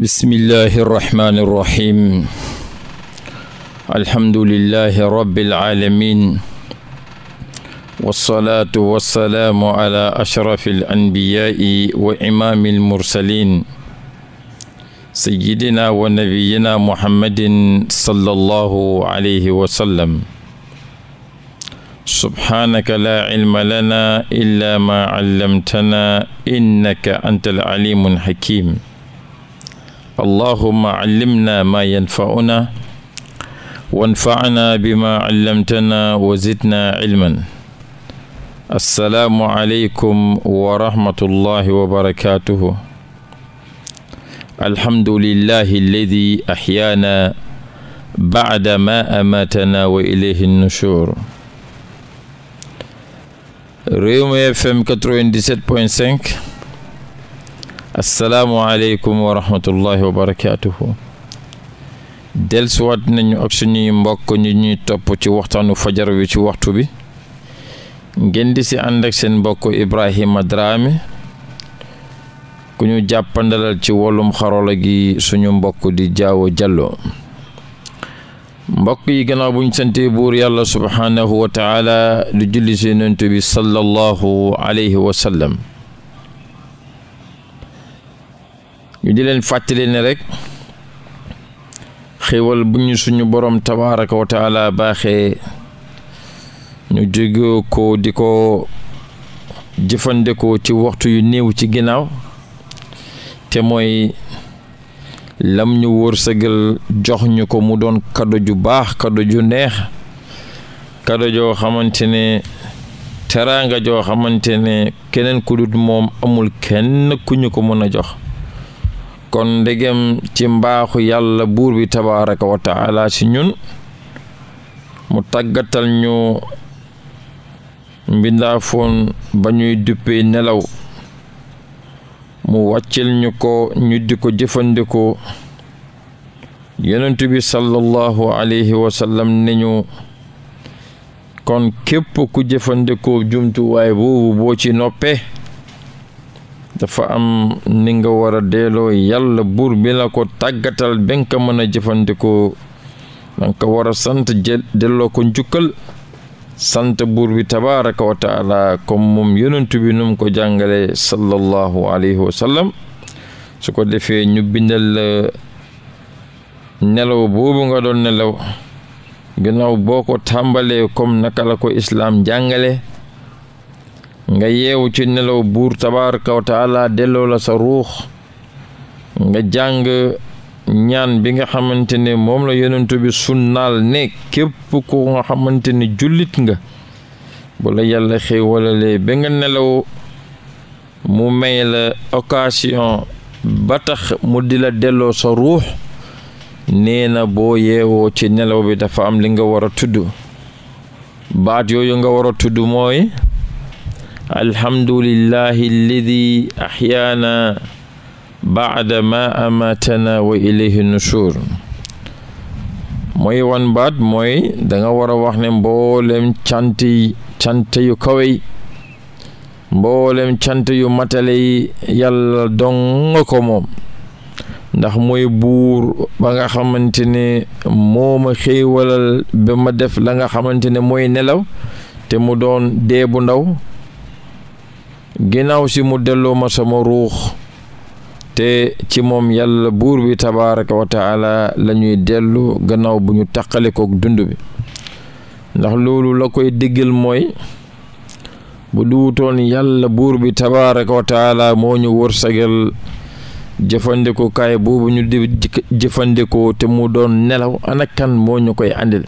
bismillahi irrahmani irrahim alhamdulilahi rabiilalamin walsalaatu walsalaamu ala ashrafi alanbiyaai wa imaami almursalin sayidina wa nabiyina muhammadin sallallahu alayhi wa sallam subhaanaka laa cilma lanaa illaa maa callamtanaa innaka anta alcalimu alxakim allahuma callimna maa yanfa'una wanfa'na bimaa callamtana wa zidna cilman assalaamu aleykum wa rahmatullahi wa barakaatuhu alhamdulillahi alladi axyaana bacda maa amaatana wa ilayhi nushur Rewmi FM 97.5 asalaamualeykum wa rahmatullahi wa barakaatuhu delsuwaat nañu ak suñuy mbokk ñu ñuy topp ci waxtaanu fajar wi ci waxtu bi ngeen di si ànd ak seen mbokk Ibrahima Dramé ku ñu jàppandalal ci wàllum xarola gi suñu mbokk di jaawo jàlloo mbokk yi gannaaw buñ sante buur yàlla subhaanahu wa du julli si nontu bi sallallahu alayhi wa ñu di leen fàttali ne rekk xéwal bu ñu suñu borom tabaaraka wa taala baaxee ñu jóge ko di ko jëfandikoo ci waxtu yu néew ci ginnaaw te mooy lam ñu wërsëgal jox ñu ko mu doon kado ju baax kado ju neex kado joo xamante ne teraanga joo xamante ne keneen ku moom amul kenn ku ñu ko mën a jox kon ndegem ci mbaaxu yàlla buur bi tabaraka wa taala ci ñun mu tàggatal ñu mbindaafoon ba ñuy duppee nelaw mu wàccil ñu ko ñu di ko jëfandikoo yonent bi sallallahu alayhi wa ne ñu kon képp ku jëfandikoo jumtuwaay boobu boo ci noppee dafa am ni nga war a delloo yàlla buur bi la ko tàggatal ba nga ko mën a jëfandikoo danga ko war a sant delloo ko njukkal sant buur bi tabaraka wa taala comme moom yonent bi ko jàngale sallallahu alayhi wa sallam su ko defee ñu bindal nelaw boobu nga doon nelaw ginnaaw boo ko tàmbalee comme naka la ko islaam jàngale nga yeewu ci nelaw buur tabaraka wa taala delloo la sa ruux nga jàng ñaan bi nga xamante ne moom la yonent bi sunnaal ne képp ku nga xamante ne jullit nga bu la yàlla xéewalalee ba nga nelaw mu may la occasion batax mu di la delloo sa ruux nee na boo yeewoo ci nelaw bi dafa am li nga war a tudd baat yooyu nga war a tudd mooy alhamdulillahi alladi axyaana baada ma amatana wa ilayhi nushur mooy wan baat mooy danga war a wax ne mboolem cant yi yu kawe mboolem cant yu matale yi yàlla dong ko moom ndax mooy buur ba nga xamante ne moo ma ma def la nga xamante ne mooy nelaw te mu doon dee bu ndaw ginnaaw si mu delloo ma sama ruux te ci moom yàlla buur bi tabaraka wa taala la dellu gannaaw bu ñu taqale kook dund bi ndax loolu la koy diggal mooy bu duwutoon yàlla buur bi tabaraka wa taala moo ñu wërsëgal jëfandikoo kaay boobu ñu jëfandikoo te mu doon nelaw anakan moo ñu koy àndil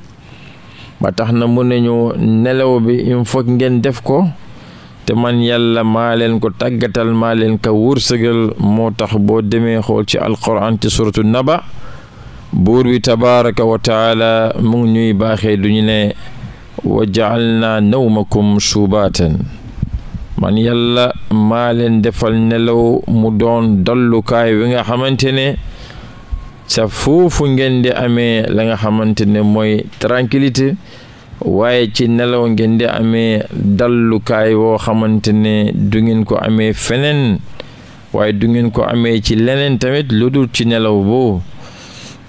ba tax na mu ne ñu nelaw bi il faut ngeen def ko man yàlla maa leen ko tàggatal maa ka ko wërsëgal moo tax boo demee xool ci alquran ci suratu naba buur bi tabaraka wa mu ñuy baaxee du ñu ne wa jaalna nawmakum subaatan man yàlla maa leen defal nelaw mu doon dallukaay wi nga xamante ne sa foofu ngeen amee la nga xamante ne mooy tranquillité waaye ci nelaw ngeen di amee dallukaay woo xamante ne du ngeen ko amee feneen waaye du ngeen ko amee ci leneen tamit lu dul ci nelaw boobu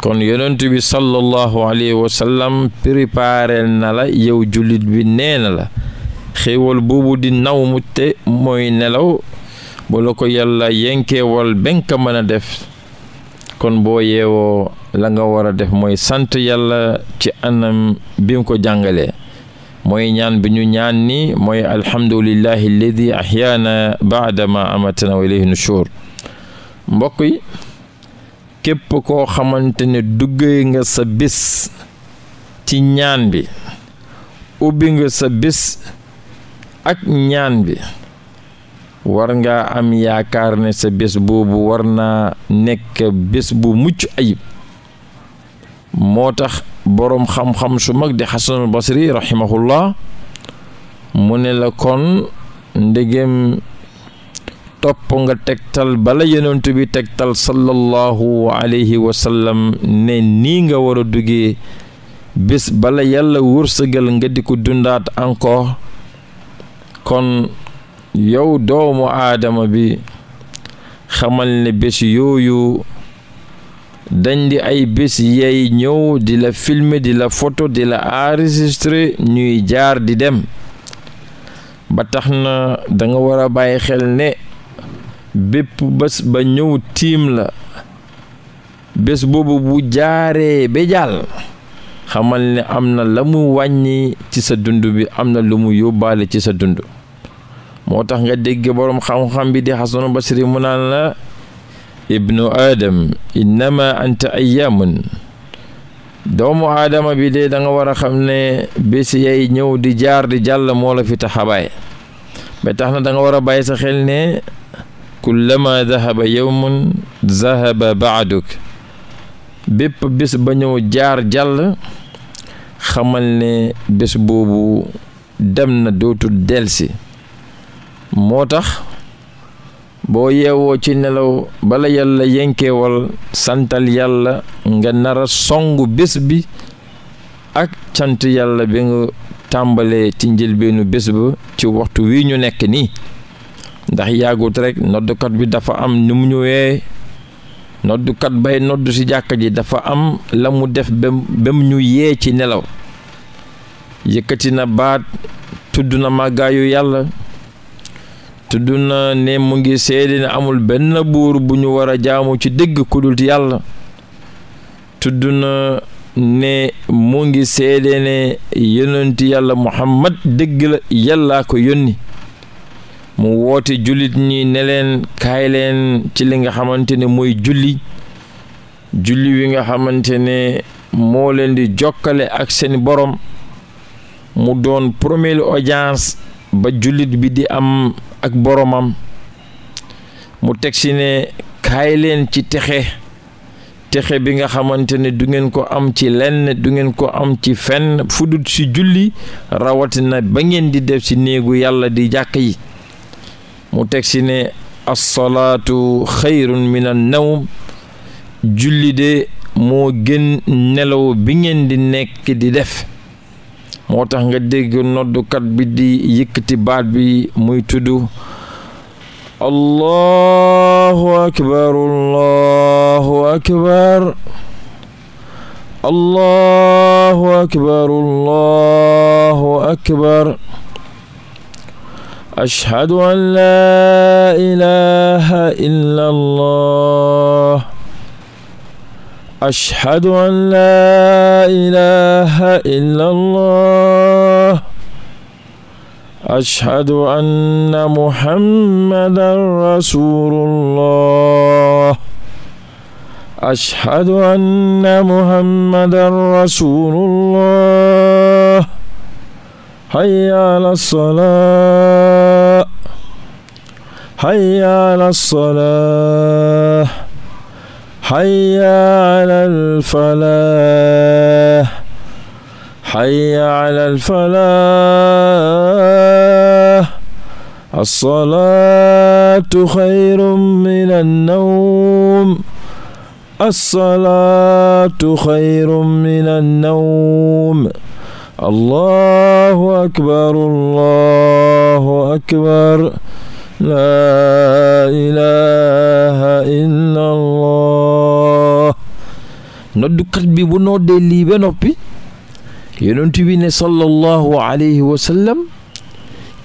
kon yonent bi sallallahu alayhi wa sallam préparel na yow jullit bi nee na la xéewal boobu di naw mu te mooy nelaw bu la ko yàlla yenkeewal benka mën a def kon boo yewoo la nga war a def mooy sant yàlla ci anam bi ko jàngale mooy ñaan bi ñu ñaan ni mooy alhamdulillahi alladi ahyaana baadama amatana wa ilayhi nushur mbokk yi képp koo xamante ne duggee nga sa bis ci ñaan bi ubbi nga sa bis ak ñaan bi war ngaa am yaakaar ne sa bés boobu war naa nekk bés bu mucc ayib moo tax boroom xam-xam su mag di xasanul basri rahimahullah mu ne la kon ndegem topp nga tegtal bala yonent bi tegtal sallallahu alayhi wa sallam ne nii nga war a duggee bés bala yàlla wërsëgal nga di ko dundaat encore kon yow doomu aadama bi xamal ne bés yooyu dañ di ay bés yay ñëw di la filmer di la photo di la enregistrer ñuy jaar di dem ba tax na danga war a bàyyi xel ne bépp bés ba ñëw tiim la bés boobu bu jaaree ba xamal ne am na la mu wàññi ci sa dund bi am na lu mu yóbbaale ci sa dund moo tax nga dégg boroom xam-xam bi di xasanu basri mu naan la ibnu adam innama anta ayaamun doomu aadama bi dee danga war a xam ne bés yay ñëw di jaar di jàll moo la fi taxabaay ba tax na da war a bàyyi sa xel ne kullama dahaba yowmun zahaba baaduk bépp bés ba ñëw jaar jàll xamal ne bés boobu dem na dootul delsi moo tax boo yeewoo ci nelaw bala yàlla yenkeewal santal yàlla nga nara song bés bi ak cant yàlla bi nga tàmbalee ci njëlbeenu bés ba ci waxtu wi ñu nekk nii ndax yàggut rekk noddukat bi dafa am nu mu ñëwee noddukat bay noddu ci jàkka ji dafa am la mu def ba mu ñu yee ci nelaw yëkkati na baat tudd na màggaayu yàlla tudd na ne mu ngi seede ne amul benn buur bu ñu war a jaamu ci dëgg ku dul yàlla tudd na ne mu ngi seede ne yonenti yàlla muhammad dëgg la yàllaa ko yónni mu woote jullit ñi ne leen kaay leen ci li nga xamante ne mooy julli julli wi nga xamante ne moo leen di jokkale ak seen borom mu doon première audience ba jullit bi di am ak boromam mu teg si ne kaay leen ci texe texe bi nga xamante ne du ngeen ko am ci lenn du ngeen ko am ci fenn fudut si julli rawatina ba ngeen di def ci néegu yàlla di jàkk yi mu teg si ne assalaatu xayrun min an nawm julli de moo gën nelaw bi ngeen di nekk di def moo tax nga dégg noddukat bi di yëkkati baat bi muy tudd allahu akbar allahu akbar allahu akbar allahu akbar ashhadu an la ilaha illa allah أشهد أن لا إله إلا الله أشهد أن محمدا رسول الله أشهد أن محمدا رسول الله حي على الصلاة حي على الصلاة حي على الفلاح حي على الفلاح الصلاة خير من النوم الصلاة خير من النوم الله أكبر الله أكبر laa ilaha illa allah noddukat bi bu noddee lii ba noppi yonent bi ne sallallahu alayhi wa sallam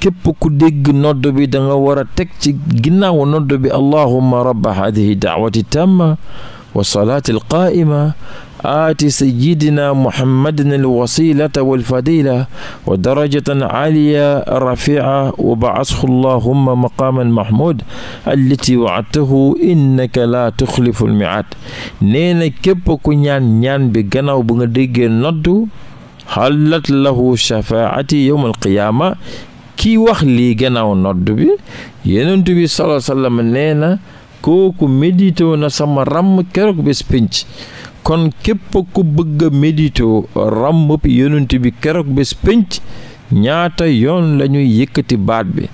képp ku dégg nodd bi da nga war a teg ci ginnaaw nodd bi allahumma rabba hadihi daawati tamma wa salaati alqaa'ima aati sayidina muhammadin alwasilata walfadila wa darajatan aaliya rafica wa bacashu allahuma maqaaman mahmud allati waadtahu innaka laa tuxlifu lmiaad nee na képp ku ñaan ñaan bi gannaaw bu nga déggee noddu xalat lahu shafaati yowm alqiyaama kii wax lii gannaaw nodd bi yenentu bi salaa sallam nee na kooku médité na sama ràmm keroog bés pinc kon képp ku bëgg a médito ràmmub yonent bi keroog bés pénc ñaata yoon lañuy yëkkati baat bi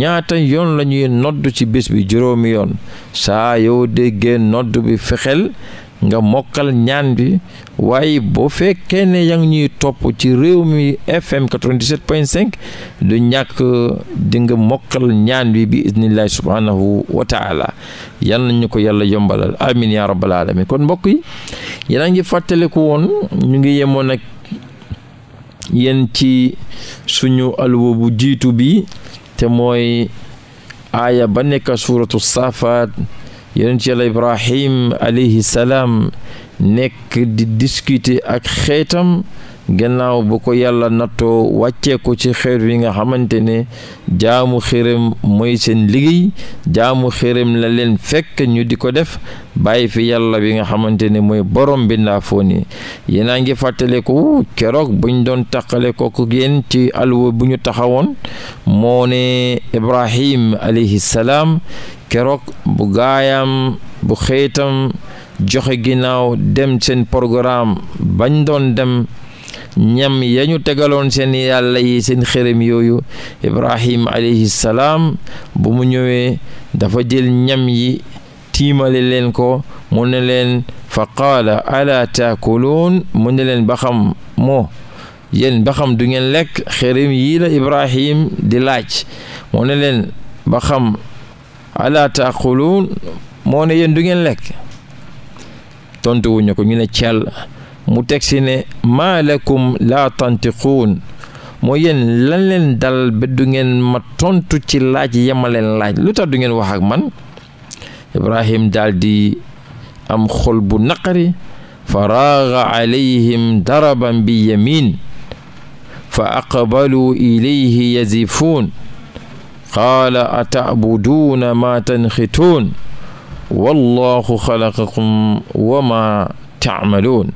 ñaata yoon lañuy nodd ci bés bi juróomi yoon saa yow déggee nodd bi fexeel nga mokkal ñaan bi waaye boo fekkee ne yaa ngi ñuy topp ci réew mi FM 97.5 du ñàkk di mokkal ñaan bi bi isnillahi subhanahu wa yal nañu ko yàlla yombalal amin ya rabbal alamin kon mbokk yi yéen a ngi fàttaliku woon ñu ngi yemoon ak yéen ci suñu alwa bu jiitu bi te mooy aaya ba nekk suuratu saafaat yonent yàlla ibrahim alayhi salaam nekk di discuter ak xeetam gannaaw bu ko yàlla nattoo wàcceeku ci xeer wi nga xamante ne jaamu xërëm mooy seen liggéey jaamu xërëm la leen fekk ñu di ko def bàyyi fi yàlla wi nga xamante ne mooy borom bi foo ni yéen a ngi fàttaleeku keroog buñ doon taqale kooku yéen ci alwa bu ñu taxawoon moo ne Ibrahim alayhi salaam keroog bu gaayam bu xeetam joxe ginnaaw dem seen programme bañ doon dem. ñam yañu tegaloon seen yàlla yi seen xerem yooyu ibrahim alayhi salaam bu mu ñëwee dafa jël ñam yi tiimale leen ko mu ne leen fa qaala ala taakuluun mu ne leen ba xam moo yéen ba xam du ngeen lekk xërëm yii la ibrahim di laaj mu ne leen ba xam ala taakuluun moo ne yéen du ngeen lekk tontu ko ñu ne cell mu teg si ne maa lakum laa tantiquun moo yéen lan leen dal ba ma tontu ci laaj yama laaj lu tax du ngeen wax ak man ibrahim daal di am xol bu naqari fa raaga alayhim daraban bi yamin fa aqbaluu ilayhi yazifuun qaala atacbuduuna maa tanxituun wallahu xalaqakum wa maa tacmaluun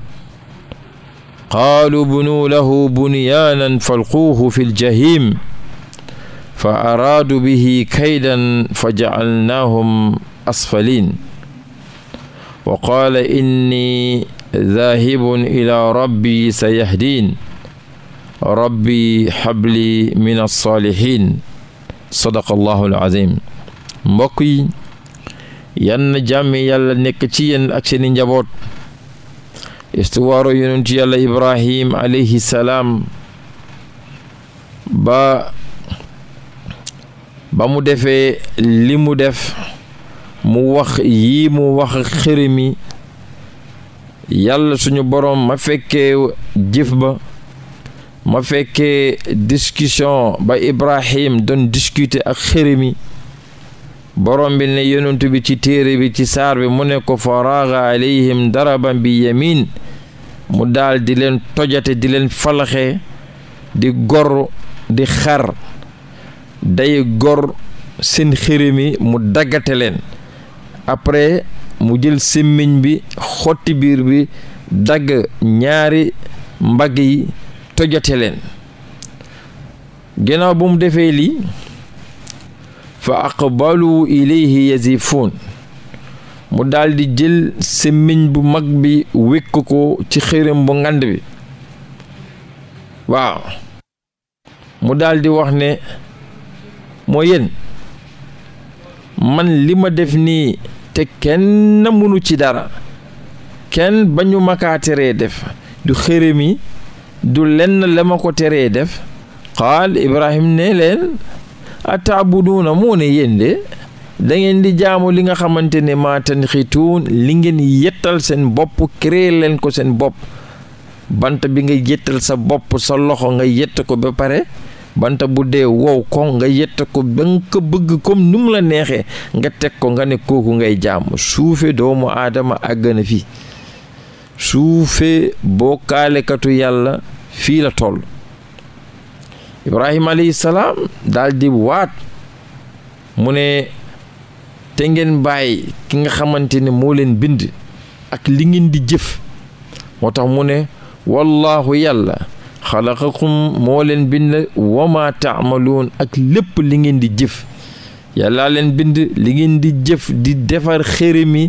qaalu bunuu lahu bunyaanan falquuhu fi ljahim fa araadu bihi kaydan fa jacalnaahum asfaliin wa qaala inni daahibun ilaa rabbi sayahdiin rabbi xabli min alsaalihin sadaqa allahu alazim mbokk yi yann jàmmi yàlla nekk ci yéen ak seeni njaboot istuwaaru yonent yàlla ibrahim alayhi salaam ba ba mu defee li mu def mu wax yii mu wax xërëm yi yàlla suñu boroom ma fekkee jëf ba ma fekkee discussion ba ibrahim don discuter ak xërëm borom bi ne yonent bi ci téere bi ci saar bi mu ne ko faraaga bi yamin mu daal di leen tojate di leen falaxe di gor di xar day gor seen mi mu daggate leen après mu jël simmiñ bi xotti biir bi dagg ñaari mbagg yi tojate leen ginnaaw bu mu defee lii fa aqbalu ilayhi yazifun mu daldi jël semmiñ bu mag bi wékk ko ci xërëm bu ngand bi waaw mu daldi wax ne moo yéen man li ma def nii te kenn mënu ci dara kenn ba ñu kaa teree def du xërëm du lenn la ma ko teree def qaal Ibrahim ne leen ataabuduuna moo ne yéen de dangeen di jaamu li nga xamante ne maa xiitu li ngeen yettal seen bopp créer leen ko seen bopp bant bi nga yettal sa bopp sa loxo nga yett ko ba pare bant bu dee wow ko nga yett ko ba nga ko bëgg comme nu la neexee nga teg ko nga ne kooku ngay jaamu suufe doomu aadama àgg na fi suufe bookaalekatu yàlla fii la toll ibrahima alayhi salaam daal waat mu ne te ngeen bàyyi ki nga xamante ne moo leen bind ak li ngeen di jëf moo tax mu ne wallaahu yàlla xalaqakum moo leen bind wama taamaluun ak lépp li ngeen di jëf yàllaa leen bind li ngeen di jëf di defar xërëmi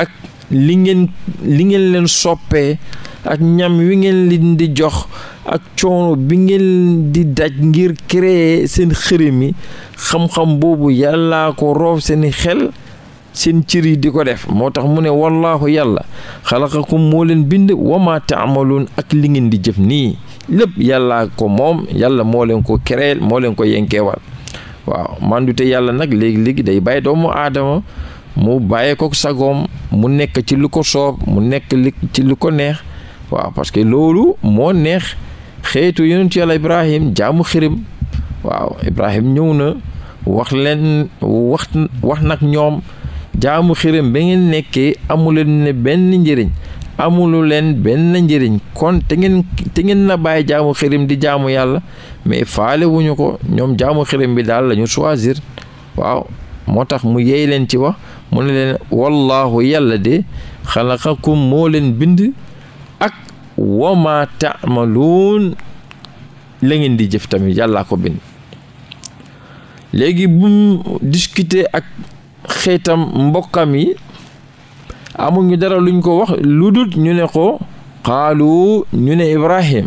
ak li ngeen li ngeen leen soppee ak ñam wi ngeen leen di jox ak coono bi ngeen di daj ngir créer seen xërëm yi xam-xam boobu yàlla ko roof seeni xel seen cër yi di ko def moo tax mu ne wallaahu yàlla xalaqakum moo leen bind wama taamaloon ak li ngeen di jëf nii lépp yàllaa ko moom yàlla moo leen ko créer moo leen ko yenkeewal waaw mandute yàlla nag léegi-léegi day bàyyi doomu aadama mu bàyyee ko sagoom mu nekk ci lu ko soob mu nekk li ci lu ko neex waaw parce loolu moo neex xeetu yonent yàlla ibrahim jaamu xirim waaw ibrahim ñëw na wax leen wax wax nag ñoom jaamu xirim ba ngeen nekkee amuleen ne benn njëriñ amulu leen benn njëriñ kon te ngeen te ngeen na bàyyi jaamu xirim di jaamu yàlla mais faale wuñu ko ñoom jaamu xirim bi daal lañu ñu choisir waaw moo tax mu yey leen ci wax mu ne leen wallaahu yàlla de xalaqakum moo leen bind wama taamaluun la di jëf tamit yàllaa ko bind léegi bu mu ak xeetam mbokkam yi amuñu dara luñ ko wax lu dul ñu ne ko xaalu ñu ne ibrahim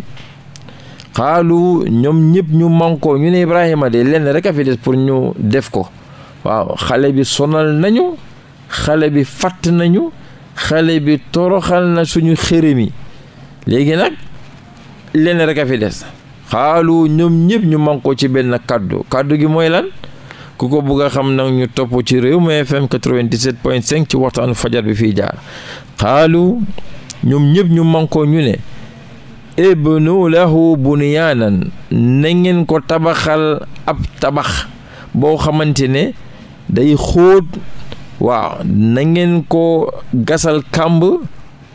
xaalu ñoom ñëpp ñu mànkoo ñu ne ibrahima de lenn rek a fi des pour ñu def ko waaw xale bi sonal nañu xale bi fàtt nañu xale bi toroxal na suñu xërëm yi léegi nag lenn rek a fi des xaalu ñoom ñëpp ñu man ci benn kàddu kàddu gi mooy lan ku ko bugg a xam nag ñu topp ci réew mi FM 97.5 ci waxtaanu fajar bi fii jaar xaalu ñoom ñëpp ñu man ñu ne ibnu lahu bunyaanan na ngeen ko tabaxal ab tabax boo xamante ne day xóot waaw na ngeen ko gasal kàmb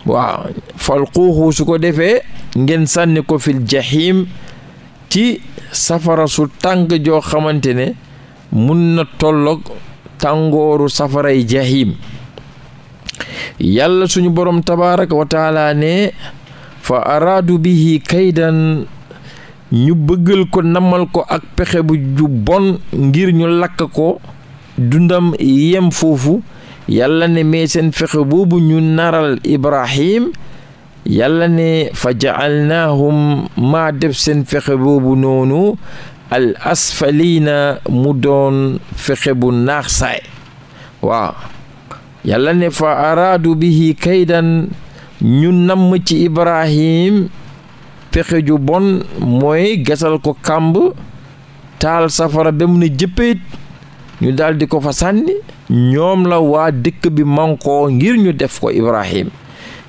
waaw falquuhu su ko defee ngeen sànni ko fil jahim ci safara su tàng joo xamante ne mun na tolloog tàngooru safaray jahim yàlla suñu borom tabaraka wa ne fa araadu bihi kaydan ñu bëggal ko nammal ko ak pexe bu ju bon ngir ñu lakk ko dundam yem foofu yàlla ne mais seen fexe boobu ñu naral ibrahim yàlla ne fa jaalnaahum maa def seen fexe boobu noonu al asfalina mu doon fexe bu nax saay waaw yàlla ne fa araadu bihi kaydan ñu namm ci ibrahim fexe ju bon mooy gasal ko kàmb taal safara ba ne jëppeet ñu daldi di ko fa sànni ñoom la waa dëkk bi mankoo ngir ñu def ko Ibrahim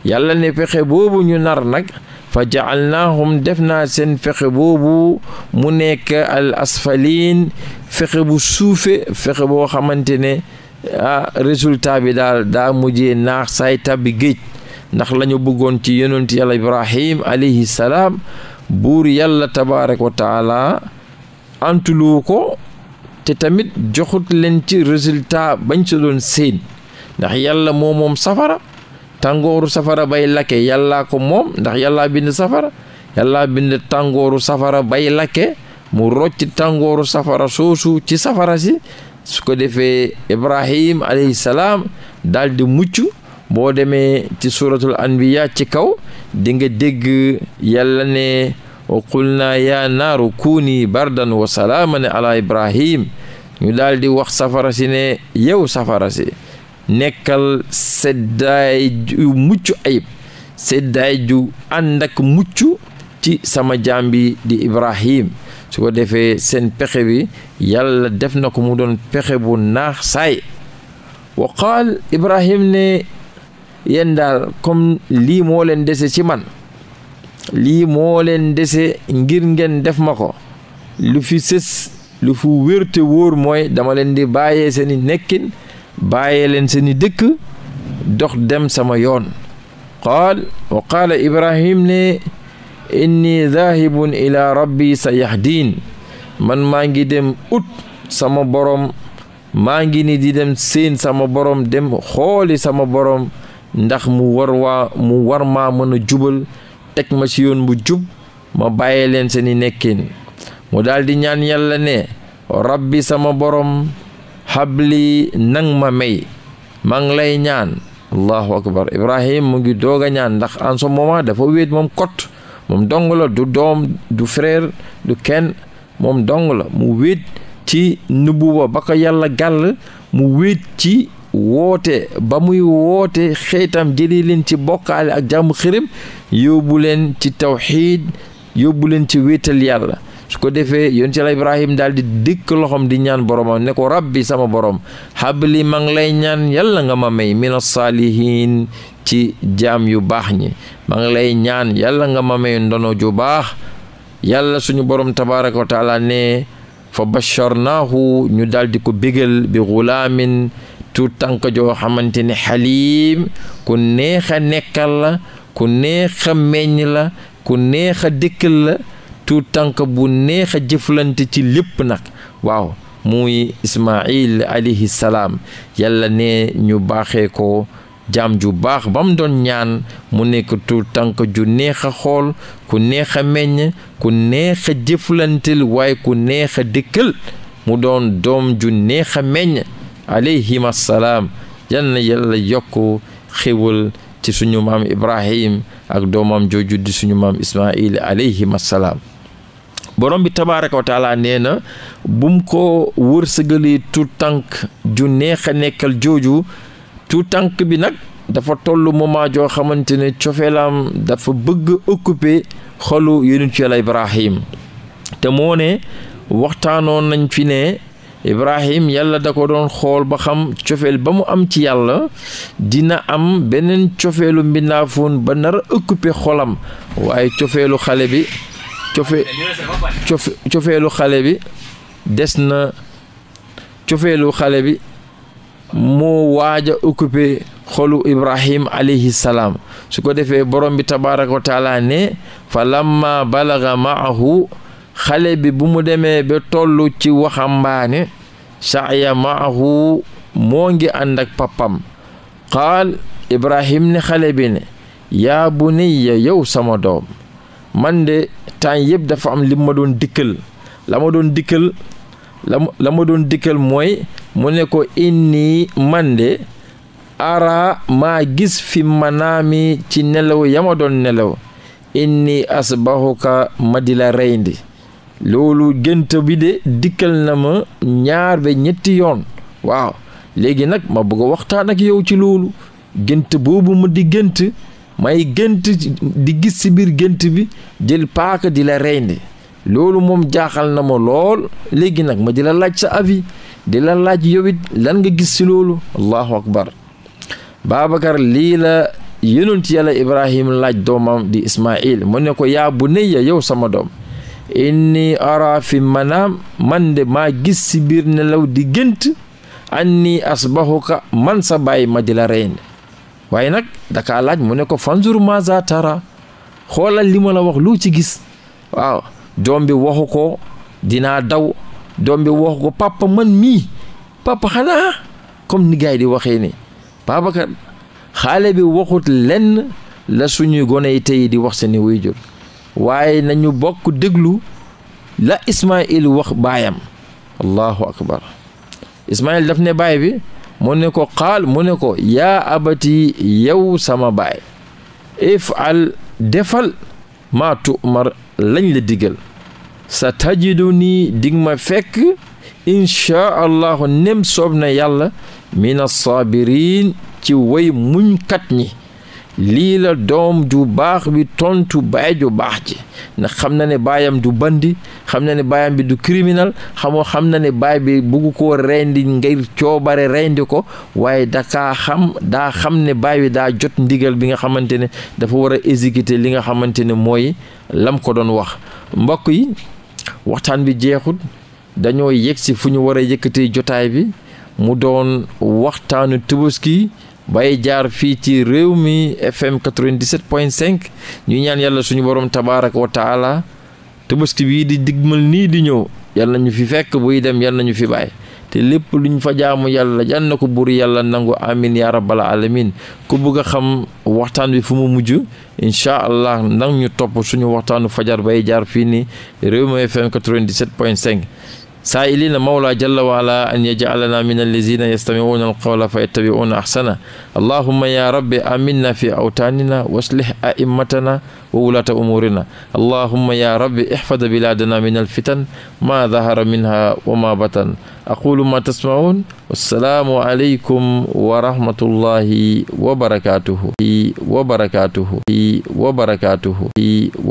yàlla ne fexe boobu ñu nar nag fa jaalnaahum def naa seen fexe boobu mu nekk al asfaliin fexe bu suufe fexe boo xamante ne ah résultat bi daal daa mujjee naax saay tàbbi géej ndax lañu ñu bëggoon ci yonent yàlla Ibrahim alayhi buur yàlla tabaaraka wa taala antuluu ko te tamit joxut leen ci résultat bañ sa ndax yàlla moo moom safara tàngooru safara bay lakke yàllaa ko moom ndax yàllaa bind safara yàllaa bind tàngooru safara bay lakke mu rocc tàngooru safara soosu ci safara si su ko defee ibrahim alayhi salaam daal di mucc boo demee ci suratul anbiya ci kaw dinga nga dégg yàlla ne wa qulnaa yaa naaru kuuni bardan wa salaaman ala ibrahim ñu daal di wax safara si ne yow safara si nekkal seddaay ju mucc ayib seddaay ju ànd mucc ci sama jaam bi di Ibrahim su ko defee seen pexe bi yàlla def na ko mu doon pexe bu naax saay wa qaal Ibrahim ne yéen daal comme lii moo leen dese ci man lii moo dese ngir ngeen def ma ko lu lu fu wér te wóor mooy dama leen di bàyyee seen i nekkin bàyyee leen seeni dëkk dox dem sama yoon qaal wa qaala ibrahim ne inni zaahibun ila rabbi sa diin man maa ngi dem ut sama borom maa ngi ni di dem seen sama borom dem xooli sama borom ndax mu war mu war maa mën a jubal teg ma ci yoon bu jub ma bàyyee leen seeni nekkin mu daldi ñaan yàlla ne rabbi sama borom habli nang ma may maa ngi lay ñaan allahu akbar ibrahim mu ngi doog a ñaan ndax en ce moment dafa wéet moom kot moom dong la du doom du frère du kenn moom dong la mu wéet ci nubuwa ba ko yàlla gàll mu wéet ci woote ba muy woote xeetam jëli leen ci bokkaale ak jàmm xirim yóbbu ci tawxiid yóbbu leen ci wéetal yàlla su ko defee yonent Yàlla Ibrahim daal di dikk di ñaan boromam ne ko ràbbi sama borom habli ma lay ñaan yàlla nga ma may mina saalihiin ci jaam yu baax ñi ma lay ñaan yàlla nga ma may ndono ju baax yàlla suñu borom tabaaraka wa taala ne fa basharnaahu ñu daldi ko bégal bi xulaamin tuut tànk joo xamante ni xaliim ku neex a nekkal la ku neex a meññ la ku neex a dëkkal la tout bu neex a jëflante ci lépp nag waaw muy Ismaayil alayhi salaam yàlla ne ñu baaxee ko jaam ju baax ba mu doon ñaan mu nekk tout tànk ju neex a xool ku neex a meññ ku neex a jëflantel waaye ku neex a dëkkal mu doon doom ju neex a meññ alayhim assalaam yal na yàlla yokk xéwal ci suñu maam Ibrahim ak doomam jooju di suñu maam Ismaayil alayhim assalaam borom bi tabaaraka wa nee na bum ko wërsëgalee tout tànk ju neex nekkal jooju tout tànk bi nag dafa tollu moment joo xamante ne cofeelam dafa bëgg occuper xolu yonent yàlla Ibrahim te moo ne waxtaanoon nañ fi ne Ibrahim yàlla da ko doon xool ba xam cofeel ba mu am ci yàlla dina am beneen cofeelu mbindaafoon ba nar a xolam waaye cofeelu xale bi cofe cofeelu xale bi des na cofeelu xale bi moo waaj a occupé xolu ibrahim alayhi salaam su ko defee borom bi tabaraka wa taala ne fa lamma balaga maahu xale bi bu mu demee ba tollu ci waxambaane saaya maahu moo ngi ànd ak pappam qaal ibrahim ne xale bi ne yaa bunayya yow sama doom man de temps yëpp dafa am li ma doon dikkal la ma doon dikkal la ma doon dikkal mooy mu ne ko inni man de ara maa gis fi manaami ci nelaw ya ma doon nelaw inni asbahuka ma di la reyndi loolu gént bi de dikkal na ma ñaar ba ñetti yoon waaw léegi nag ma bëgg a waxtaan ak yow ci loolu gént boobu ma di gént may gént di gis ci biir gént bi jël paaka di la reyndi loolu moom jaaxal na ma lool léegi nag ma di la laaj sa avis di la laaj yowit lan nga gis ci loolu allahu akbar baabakar lii la yonent yàlla Ibrahim laaj doomam di Ismail mu ne ko yaa ney yow sama doom inni ara fi manaam man de maa gis ci biir nelaw di gént anni asbahuka man sa baay ma di la reyndi waaye nag daka laaj mu ne ko fanzur maza tara xoolal li ma la wax lu ci gis waaw doom bi waxu ko dinaa daw doom bi waxu ko papa man mii papa xanaa comme ni gaay di waxee ni Babacar xaale bi waxut lenn la suñuy gone yi tey di wax seeni waajur waaye nañu bokk déglu la Ismaïl wax baayam allahu akbar Ismaïl daf ne baay bi mu ne ko xaal mu ne ko yaa abati yow sama baay ifal defal maa tumar lañ la digal sa tajidu nii dig ma fekk inchaa allahu nem soob na yàlla mina saabiriin ci way muñ kat ñi lii la doom ju baax bi tontu baay ju baax ji ndax xam na ne baayam du bandi xam na ne baayam bi du criminal xamoo xam na ne baay bi bugg koo reyndi ngir coobare reyndi ko waaye dakaa xam daa xam ne baay bi daa jot ndigal bi nga xamante ne dafa war a exécuter li nga xamante ne mooy lam ko doon wax mbokk yi waxtaan bi jeexut dañoo yegg si fu ñu war a yëkkatee jotaay bi mu doon waxtaanu Tabaski bay jaar fii ci réew mi FM 97.5 ñu ñaan yàlla suñu borom tabaaraka wa taala tabaski bii di digmal nii di ñëw yàlla ñu fi fekk buy dem yàlla ñu fi bàyyi te lépp lu ñu fa jaamu yàlla yal na ko buur yàlla nangu amin ya rabbal alamin ku bëgg a xam waxtaan bi fu mu mujj incha allah nang ñu topp suñu waxtaanu fajar bay jaar fii nii réew mi FM 97.5 سائلين مولى جل وعلا أن يجعلنا من الذين يستمعون القول فيتبعون أحسنه اللهم يا رب آمنا في أوطاننا واصلح أئمتنا وولاة أمورنا اللهم يا رب احفظ بلادنا من الفتن ما ظهر منها وما بطن أقول ما تسمعون والسلام عليكم ورحمة الله وبركاته وبركاته وبركاته